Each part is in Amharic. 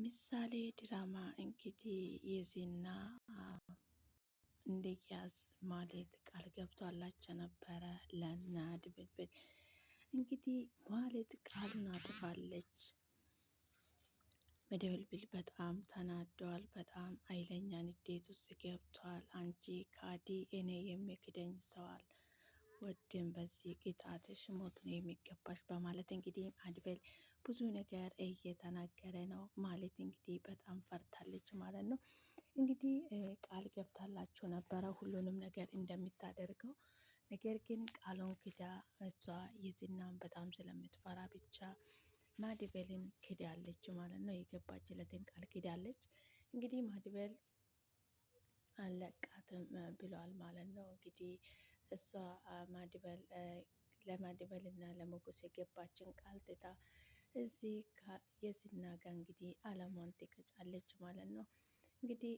ምሳሌ ድራማ እንግዲህ የዜና እንደያዝ ማለት ቃል ገብቷላቸው ነበረ ለና ድብብል እንግዲህ ማለት ቃሉን አጥፋለች። መደብልብል በጣም ተናደዋል። በጣም አይለኛ ንዴት ውስጥ ገብቷል። አንቺ ካዲ፣ እኔ የሚክደኝ ሰዋል ወድም በዚህ ቅጣትሽ ሞት ነው የሚገባሽ በማለት እንግዲህ አድቤል ብዙ ነገር እየተናገረ ነው ማለት እንግዲህ በጣም ፈርታለች ማለት ነው። እንግዲህ ቃል ገብታላቸው ነበረ ሁሉንም ነገር እንደሚታደርገው። ነገር ግን ቃሉን ክዳ እሷ የዝናን በጣም ስለምትፈራ ብቻ ማድቤልን ክዳለች ማለት ነው። የገባችለትን ቃል ክዳለች። እንግዲህ ማድቤል አለቃትም ብሏል ማለት ነው እንግዲህ እሷ ማድበል ለማድበል እና ለሞገስ የገባችን ቃል ትታ እዚህ የዝና ጋ እንግዲህ አላሟን ትቀጫለች ማለት ነው። እንግዲህ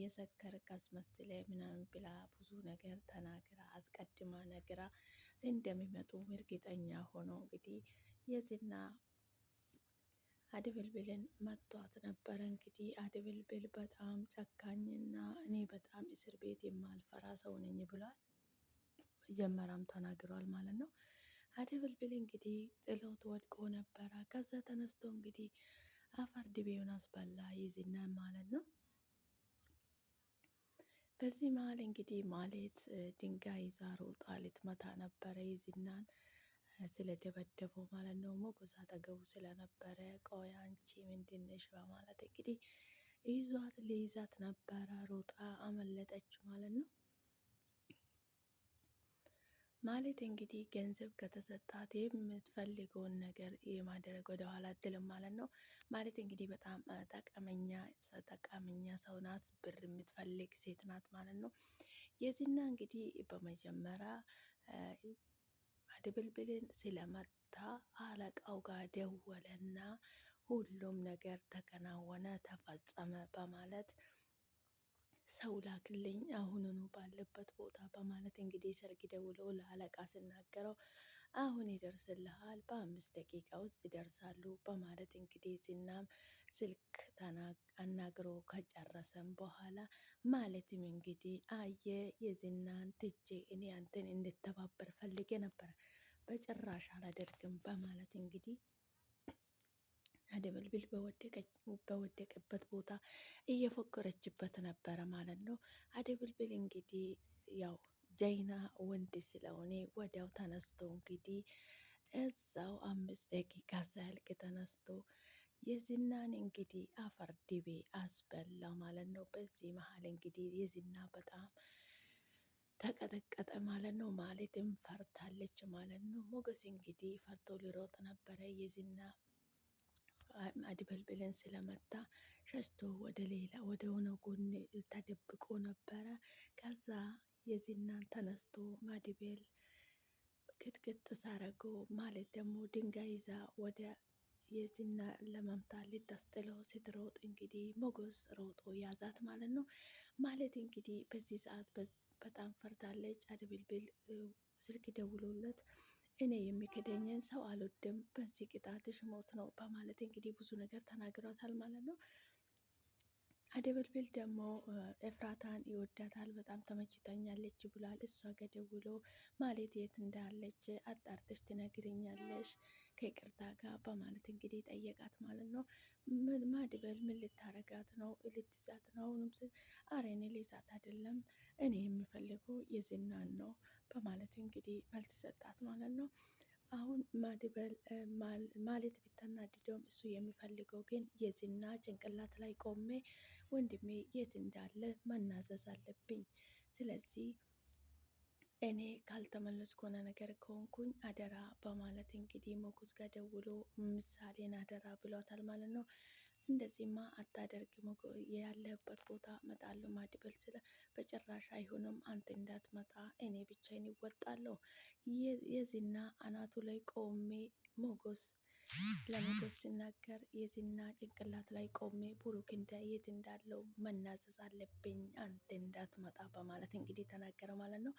የሰከር መስለ ምናምን ብላ ብዙ ነገር ተናግራ አስቀድማ ነግራ እንደሚመጡ እርግጠኛ ሆኖ እንግዲህ የዝና አድብልብልን መቷት ነበረ። እንግዲህ አድብልብል በጣም ጨካኝና እኔ በጣም እስር ቤት የማልፈራ ሰው ነኝ ብሏል። ጀመራም ተናግረዋል ማለት ነው። አደይ ብልብል እንግዲህ ጥሎት ወድቆ ነበረ። ከዛ ተነስቶ እንግዲህ አፈር ድቤውን አስበላ ይዝና ማለት ነው። በዚህ መሀል እንግዲህ ማለት ድንጋይ ይዛ ሮጣ ልትመታ ነበረ ይዝናን ስለደበደበው ማለት ነው። ሞጎስ አጠገቡ ስለነበረ ቆይ አንቺ ምንድነሽ በማለት እንግዲህ ይዟት ሊይዛት ነበረ ሮጣ አመለጠች ማለት ነው። ማለት እንግዲህ ገንዘብ ከተሰጣት የምትፈልገውን ነገር የማድረግ ወደኋላ ድልም ማለት ነው። ማለት እንግዲህ በጣም ጠቀመኛ ጠቃመኛ ሰው ናት፣ ብር የምትፈልግ ሴት ናት ማለት ነው። የዚህና እንግዲህ በመጀመሪያ ድብልብልን ስለመታ አለቃው ጋር ደወለና ሁሉም ነገር ተከናወነ፣ ተፈጸመ በማለት ሰው ላክልኝ አሁኑኑ ባለበት ቦታ በማለት እንግዲህ ስልክ ደውሎ ለአለቃ ስናገረው አሁን ይደርስልሃል፣ በአምስት ደቂቃ ውስጥ ይደርሳሉ በማለት እንግዲህ ዝናም ስልክ አናግሮ ከጨረሰም በኋላ ማለትም እንግዲህ አየ የዝናን ትቼ እኔ አንተን እንድተባበር ፈልጌ ነበር፣ በጭራሽ አላደርግም በማለት እንግዲህ አደበልብል በወደቀበት ቦታ እየፎከረችበት ነበረ ማለት ነው። አደበልብል እንግዲህ ያው ጀይና ወንድ ስለሆነ ወዲያው ተነስቶ እንግዲህ እዛው አምስት ደቂቃ ሳያልቅ ተነስቶ የዝናን እንግዲህ አፈር ድቤ አስበላ ማለት ነው። በዚህ መሀል እንግዲህ የዝና በጣም ተቀጠቀጠ ማለት ነው። ማለትም ፈርታለች ማለት ነው። ሞገስ እንግዲህ ፈርቶ ሊሮጥ ነበረ የዝና አድበልብለን ስለመታ ሸሽቶ ወደ ሌላ ወደ ሆነ ጎን ተደብቆ ነበረ። ከዛ የዝናን ተነስቶ ማድቤል ቅጥቅጥ ሳረጎ ማለት ደግሞ ድንጋይ ይዛ ወደ የዝና ለመምታት ልታስጥለው ስትሮጥ እንግዲህ ሞገስ ሮጦ ያዛት ማለት ነው። ማለት እንግዲህ በዚህ ሰዓት በጣም ፈርታለች። አድብልብል ስልክ ደውሎለት እኔ የሚክደኝን ሰው አልወድም፣ በዚህ ቅጣትሽ ሞት ነው በማለት እንግዲህ ብዙ ነገር ተናግሯታል ማለት ነው። አደበልቤል ደግሞ ኤፍራታን ይወዳታል፣ በጣም ተመችታኛለች ብሏል። እሷ ገደውሎ ማለት የት እንዳለች አጣርተሽ ትነግርኛለሽ ከይቅርታ ጋር በማለት እንግዲህ ጠየቃት ማለት ነው። ማድበል ምን ልታረጋት ነው? ልትዛት ነው? አረ አሬን ልዛት አይደለም እኔ የምፈልገው የዝናን ነው በማለት እንግዲህ መልስ ሰጣት ማለት ነው። አሁን ማድበል ማለት ብታናድደውም እሱ የሚፈልገው ግን የዝና ጭንቅላት ላይ ቆሜ ወንድሜ የት እንዳለ መናዘዝ አለብኝ ስለዚህ እኔ ካልተመለስኩ ከሆነ ነገር ከሆንኩኝ አደራ በማለት እንግዲህ ሞጎስ ጋር ደውሎ ምሳሌን አደራ ብሏታል ማለት ነው። እንደዚህማ አታደርግ ያለህበት ቦታ መጣለሁ ማድበል ስለ በጭራሽ አይሆንም፣ አንተ እንዳትመጣ እኔ ብቻዬን ይወጣለሁ። የዚና አናቱ ላይ ቆሜ ሞገስ ለሞገስ ሲናገር የዚና ጭንቅላት ላይ ቆሜ ቡሩክ የት እንዳለው መናዘዝ አለብኝ አንተ እንዳትመጣ በማለት እንግዲህ ተናገረ ማለት ነው።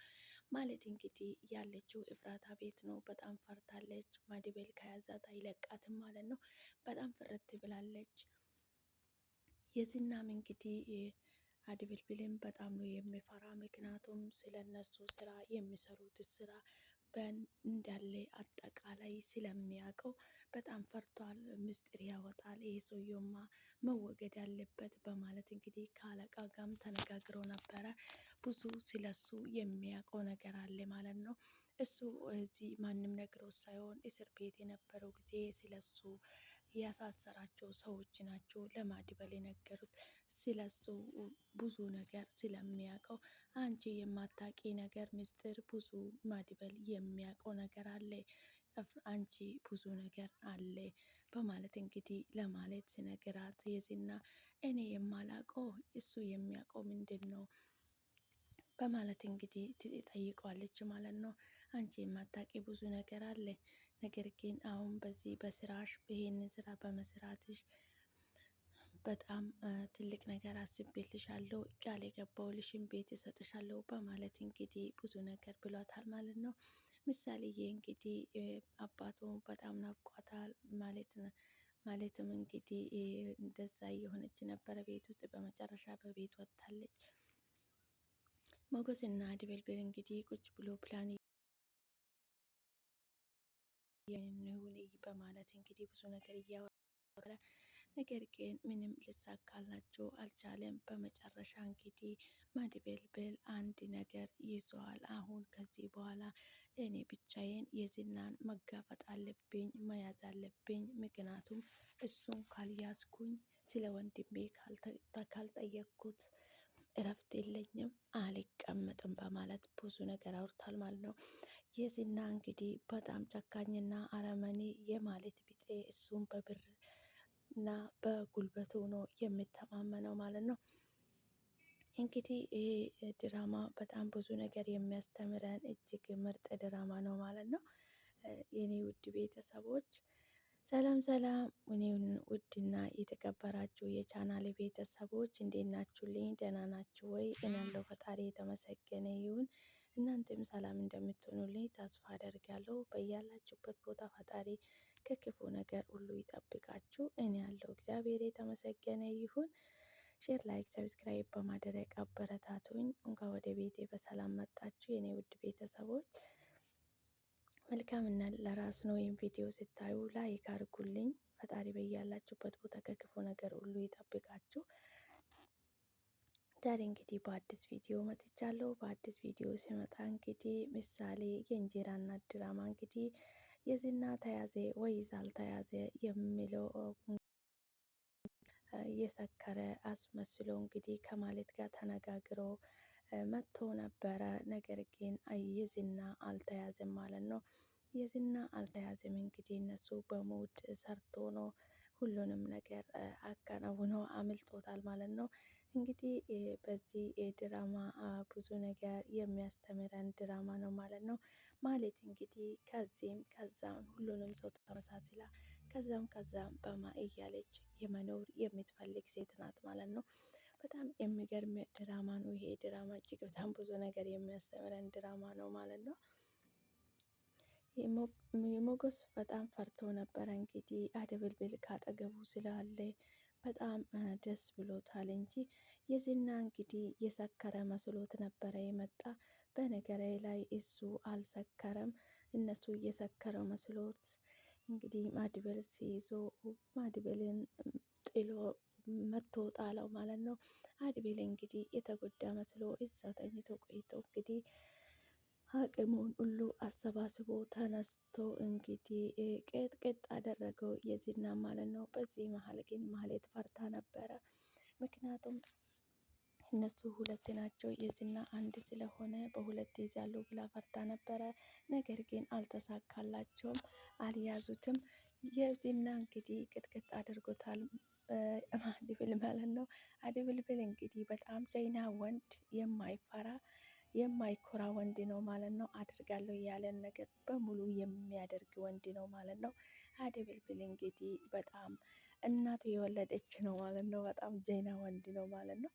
ማለት እንግዲህ ያለችው እፍራታ ቤት ነው። በጣም ፈርታለች። ማድቤል ከያዛት አይለቃትም ማለት ነው። በጣም ፍርት ብላለች። የዝናም እንግዲህ አድብልብልም በጣም ነው የሚፈራ። ምክንያቱም ስለነሱ ስራ የሚሰሩት ስራ እንዳለ አጠቃላይ ስለሚያውቀው በጣም ፈርቷል። ምስጢር ያወጣል ይህ ሰውየማ መወገድ አለበት በማለት እንግዲህ ከአለቃ ጋም ተነጋግረው ነበረ። ብዙ ስለሱ የሚያውቀው ነገር አለ ማለት ነው። እሱ እዚህ ማንም ነግሮት ሳይሆን እስር ቤት የነበረው ጊዜ ስለሱ ያሳሰራቸው ሰዎች ናቸው ለማድበል የነገሩት። ስለሱ ብዙ ነገር ስለሚያውቀው አንቺ የማታቂ ነገር ምስጢር ብዙ ማድበል የሚያውቀው ነገር አለ አንቺ ብዙ ነገር አለ በማለት እንግዲህ ለማለት ሲነግራት የዝና እኔ የማላውቀው እሱ የሚያውቀው ምንድን ነው በማለት እንግዲህ ትጠይቀዋለች ማለት ነው። አንቺ የማታቂ ብዙ ነገር አለ ነገር ግን አሁን በዚህ በስራሽ ይህን ስራ በመስራትሽ በጣም ትልቅ ነገር አስቤልሻለሁ፣ ቃል የገባሁልሽን ቤት እሰጥሻለሁ በማለት እንግዲህ ብዙ ነገር ብሏታል ማለት ነው። ይህ እንግዲህ አባቱ በጣም ናፍቋታል ማለት ነው። ማለትም እንግዲህ እንደዛ እየሆነች ነበረ ቤት ውስጥ በመጨረሻ በቤት ወጥታለች። ሞገስ እና ድብልብል እንግዲህ ቁጭ ብሎ ፕላን ይሁን በማለት እንግዲህ ብዙ ነገር እያወረ ነገር ግን ምንም ልሳካላቸው አልቻለም። በመጨረሻ እንግዲህ መድብልብል አንድ ነገር ይዘዋል። አሁን ከዚህ በኋላ እኔ ብቻዬን የዝናን መጋፈጥ አለብኝ፣ መያዝ አለብኝ። ምክንያቱም እሱን ካልያዝኩኝ ስለ ወንድሜ ካልጠየቅኩት እረፍት የለኝም፣ አልቀመጥም በማለት ብዙ ነገር አውርታል ማለት ነው። የዝና እንግዲህ በጣም ጨካኝና አረመኔ የማለት ቢጤ እሱም በብር እና በጉልበቱ ነው የምተማመነው ማለት ነው። እንግዲህ ይህ ድራማ በጣም ብዙ ነገር የሚያስተምረን እጅግ ምርጥ ድራማ ነው ማለት ነው። የኔ ውድ ቤተሰቦች ሰላም ሰላም፣ እኔም ውድና የተከበራችሁ የቻናል ቤተሰቦች እንዴት ናችሁልኝ? ደህና ናችሁ ወይ? እኔ ያለው ፈጣሪ የተመሰገነ ይሁን። እናንተም ሰላም እንደምትሆኑልኝ ተስፋ አደርጋለሁ። በያላችሁበት ቦታ ፈጣሪ ከክፉ ነገር ሁሉ ይጠብቃችሁ። እኔ ያለው እግዚአብሔር የተመሰገነ ይሁን። ሼር፣ ላይክ፣ ሰብስክራይብ በማድረግ አበረታቱኝ። እንኳን ወደ ቤቴ በሰላም መጣችሁ የኔ ውድ ቤተሰቦች። መልካምና ለራስ ነው። ይህም ቪዲዮ ስታዩ ላይክ አድርጉልኝ። ፈጣሪ በያላችሁበት ቦታ ከክፉ ነገር ሁሉ ይጠብቃችሁ። ዛሬ እንግዲህ በአዲስ ቪዲዮ መጥቻለሁ። በአዲስ ቪዲዮ ሲመጣ እንግዲህ ምሳሌ የእንጀራ እናት ድራማ እንግዲህ የዝና ተያዘ ወይስ አልተያዘ የሚለው የሰከረ አስመስሎ እንግዲህ ከማለት ጋር ተነጋግሮ መጥቶ ነበረ። ነገር ግን የዝና አልተያዘም ማለት ነው። የዝና አልተያዘም እንግዲህ እነሱ በሙድ ሰርቶ ነው ሁሉንም ነገር አከናውኖ አምልጦታል ማለት ነው። እንግዲህ በዚህ ድራማ ብዙ ነገር የሚያስተምረን ድራማ ነው ማለት ነው። ማለት እንግዲህ ከዚህም ከዛም ሁሉንም ሰው ተመሳስላ ከዛም ከዛም በማ እያለች የመኖር የምትፈልግ ሴት ናት ማለት ነው። በጣም የሚገርም ድራማ ነው ይሄ ድራማ እጅግ በጣም ብዙ ነገር የሚያስተምረን ድራማ ነው ማለት ነው። የሞገስ በጣም ፈርቶ ነበረ እንግዲህ አደብልብል ካጠገቡ ስላለ በጣም ደስ ብሎታል እንጂ የዝና እንግዲህ የሰከረ መስሎት ነበረ የመጣ። በነገሬ ላይ እሱ አልሰከረም። እነሱ እየሰከረ መስሎት እንግዲህ ማድበል ሲይዞ ማድበልን ጥሎ መቶ ጣለው ማለት ነው። አድቤል እንግዲህ የተጎዳ መስሎ እዛ ተኝቶ ቆይቶ እንግዲህ አቅሙን ሁሉ አሰባስቦ ተነስቶ እንግዲህ ቅጥቅጥ አደረገው የዝና ማለት ነው። በዚህ መሀል ግን ማህሌት ፈርታ ነበረ። ምክንያቱም እነሱ ሁለት ናቸው፣ የዝና አንድ ስለሆነ በሁለት ይዛሉ ብላ ፈርታ ነበረ። ነገር ግን አልተሳካላቸውም፣ አልያዙትም። የዝና እንግዲህ ቅጥቅጥ አድርጎታል አድብል ማለት ነው። አድብልብል እንግዲህ በጣም ጀግና ወንድ የማይፈራ የማይኮራ ወንድ ነው ማለት ነው። አድርጋለሁ ያለን ነገር በሙሉ የሚያደርግ ወንድ ነው ማለት ነው። አደብልብል እንግዲህ በጣም እናቱ የወለደች ነው ማለት ነው። በጣም ዜና ወንድ ነው ማለት ነው።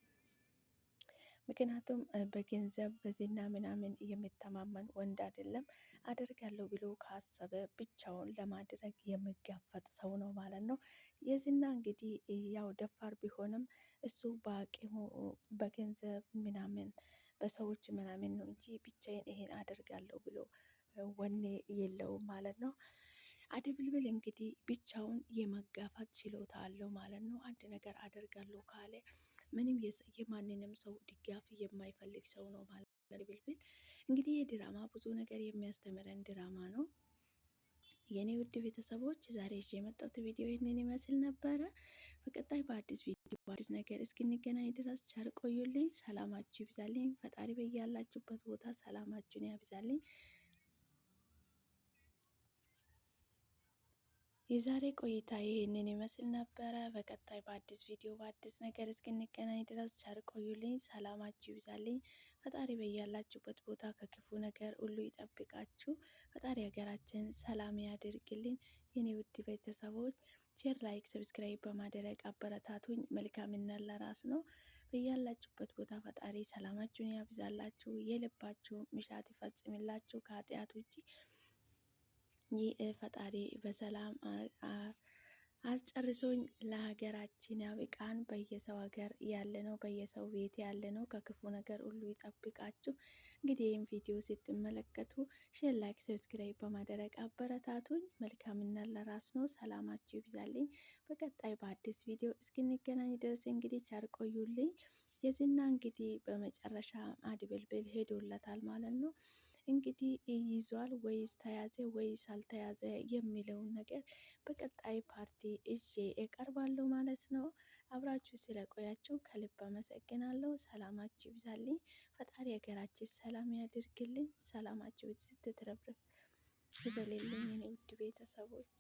ምክንያቱም በገንዘብ በዝና ምናምን የሚተማመን ወንድ አይደለም። አደርጋለሁ ብሎ ካሰበ ብቻውን ለማድረግ የሚጋፈጥ ሰው ነው ማለት ነው። የዝና እንግዲህ ያው ደፋር ቢሆንም እሱ በአቂሙ በገንዘብ ምናምን በሰዎች ምናምን ነው እንጂ ብቻዬን ይሄን አደርጋለሁ ብሎ ወኔ የለውም ማለት ነው። አድብልብል እንግዲህ ብቻውን የመጋፋት ችሎታ አለው ማለት ነው። አንድ ነገር አደርጋለሁ ካለ ምንም የማንንም ሰው ድጋፍ የማይፈልግ ሰው ነው ማለት ነው። አድብልብል እንግዲህ ይህ ድራማ ብዙ ነገር የሚያስተምረን ድራማ ነው። የኔ ውድ ቤተሰቦች ዛሬ ይዤ የመጣሁት ቪዲዮ ይህንን ይመስል ነበረ። በቀጣይ በአዲስ ቪዲዮ በአዲስ ነገር እስክንገናኝ ድረስ ቸር ቆዩልኝ። ሰላማችሁ ይብዛልኝ። ፈጣሪ በያላችሁበት ቦታ ሰላማችሁን ያብዛልኝ። የዛሬ ቆይታ ይህንን ይመስል ነበረ። በቀጣይ በአዲስ ቪዲዮ በአዲስ ነገር እስክንገናኝ ድረስ ቸር ቆዩልኝ። ሰላማችሁ ይብዛልኝ። ፈጣሪ በያላችሁበት ቦታ ከክፉ ነገር ሁሉ ይጠብቃችሁ። ፈጣሪ ሀገራችን ሰላም ያድርግልን። የኔ ውድ ቤተሰቦች ሼር፣ ላይክ፣ ሰብስክራይብ በማድረግ አበረታቱኝ። መልካምነት ለራስ ነው። በያላችሁበት ቦታ ፈጣሪ ሰላማችሁን ያብዛላችሁ። የልባችሁ ምሻት ይፈጽምላችሁ ከኃጢአት ውጭ። ይህ ፈጣሪ በሰላም አስጨርሶኝ ለሀገራችን ያብቃን። በየሰው ሀገር ያለ ነው፣ በየሰው ቤት ያለ ነው። ከክፉ ነገር ሁሉ ይጠብቃችሁ። እንግዲህ ይህም ቪዲዮ ስትመለከቱ ሼር፣ ላይክ፣ ሰብስክራይብ በማድረግ አበረታቱኝ። መልካምና ለራስ ነው። ሰላማችሁ ይብዛልኝ። በቀጣይ በአዲስ ቪዲዮ እስክንገናኝ ድረስ እንግዲህ ቸር ቆዩልኝ። የዝና እንግዲህ በመጨረሻ አድብልብል ሄዶለታል ማለት ነው። እንግዲህ ይዟል ወይስ ተያዘ ወይስ አልተያዘ የሚለውን ነገር በቀጣይ ፓርቲ እዤ እቀርባለሁ ማለት ነው። አብራችሁ ስለቆያችሁ ከልብ አመሰግናለሁ። ሰላማችሁ ይብዛልኝ። ፈጣሪ ሀገራችን ሰላም ያድርግልኝ። ሰላማችሁ ይብዛ። ይበልልኝ እኔ ውድ ቤተሰቦች።